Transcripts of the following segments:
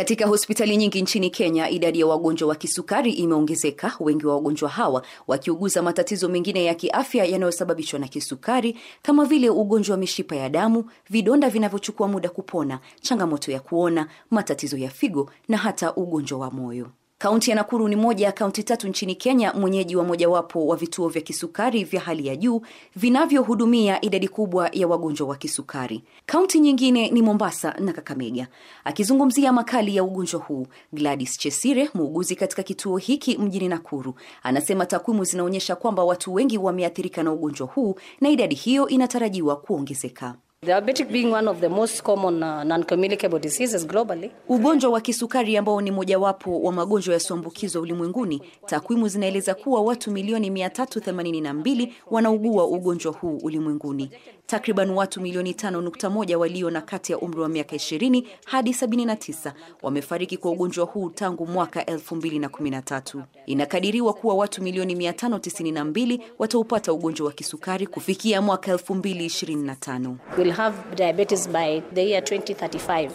Katika hospitali nyingi nchini Kenya, idadi ya wagonjwa wa kisukari imeongezeka, wengi wa wagonjwa hawa wakiuguza matatizo mengine ya kiafya yanayosababishwa na kisukari kama vile ugonjwa wa mishipa ya damu, vidonda vinavyochukua muda kupona, changamoto ya kuona, matatizo ya figo na hata ugonjwa wa moyo. Kaunti ya Nakuru ni moja ya kaunti tatu nchini Kenya, mwenyeji wa mojawapo wa vituo vya kisukari vya hali ya juu vinavyohudumia idadi kubwa ya wagonjwa wa kisukari. Kaunti nyingine ni Mombasa na Kakamega. Akizungumzia makali ya ugonjwa huu, Gladys Chesire, muuguzi katika kituo hiki mjini Nakuru, anasema takwimu zinaonyesha kwamba watu wengi wameathirika na ugonjwa huu na idadi hiyo inatarajiwa kuongezeka. Diabetic being one of the most common uh, non-communicable diseases globally. Ugonjwa wa kisukari ambao ni mojawapo wa magonjwa yasiyoambukizwa ulimwenguni, takwimu zinaeleza kuwa watu milioni 382 wanaugua ugonjwa huu ulimwenguni. Takriban watu milioni 5.1 walio na kati ya umri wa miaka 20 hadi 79 wamefariki kwa ugonjwa huu tangu mwaka 2013. Inakadiriwa kuwa watu milioni 592 wataupata ugonjwa wa kisukari kufikia mwaka 2025. We'll have diabetes by the year 2035.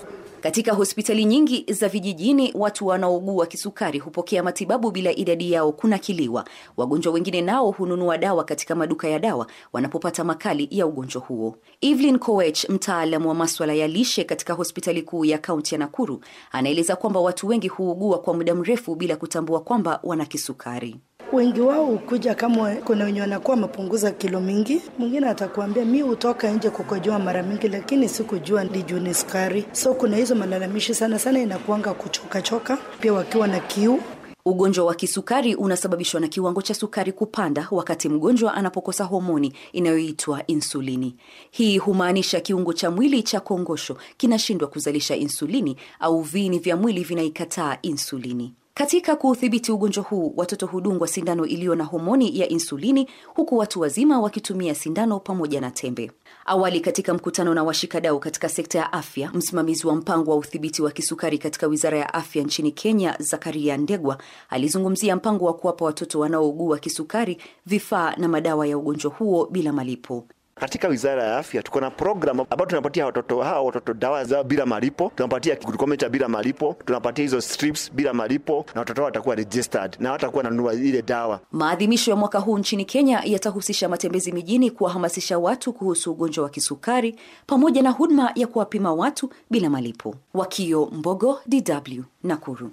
Katika hospitali nyingi za vijijini, watu wanaougua kisukari hupokea matibabu bila idadi yao kunakiliwa. Wagonjwa wengine nao hununua dawa katika maduka ya dawa wanapopata makali ya ugonjwa huo. Evelyn Kowech, mtaalamu wa maswala ya lishe katika hospitali kuu ya kaunti ya Nakuru, anaeleza kwamba watu wengi huugua kwa muda mrefu bila kutambua kwamba wana kisukari wengi wao hukuja kama kuna wenye wanakuwa wamepunguza kilo mingi. Mwingine atakuambia mi hutoka nje kukojua mara mingi, lakini sikujua ni juu ni sukari. So kuna hizo malalamishi sana sana, inakuanga kuchokachoka, pia wakiwa na kiu Ugonjwa wa kisukari unasababishwa na kiwango cha sukari kupanda wakati mgonjwa anapokosa homoni inayoitwa insulini. Hii humaanisha kiungo cha mwili cha kongosho kinashindwa kuzalisha insulini au viini vya mwili vinaikataa insulini. Katika kuudhibiti ugonjwa huu, watoto hudungwa sindano iliyo na homoni ya insulini, huku watu wazima wakitumia sindano pamoja na tembe. Awali, katika mkutano na washikadau katika sekta ya afya, msimamizi wa mpango wa udhibiti wa kisukari katika wizara ya afya nchini Kenya, Zakaria Ndegwa, alizungumzia mpango wa kuwapa watoto wanaougua kisukari vifaa na madawa ya ugonjwa huo bila malipo. Katika wizara ya afya tuko na program ambayo tunapatia watoto hawa watoto dawa za bila malipo, tunapatia glucometer bila malipo, tunapatia hizo strips bila malipo, na watoto hao watakuwa registered na watakuwa nanunua ile dawa. Maadhimisho ya mwaka huu nchini Kenya yatahusisha matembezi mijini kuwahamasisha watu kuhusu ugonjwa wa kisukari pamoja na huduma ya kuwapima watu bila malipo. Wakio Mbogo, DW Nakuru.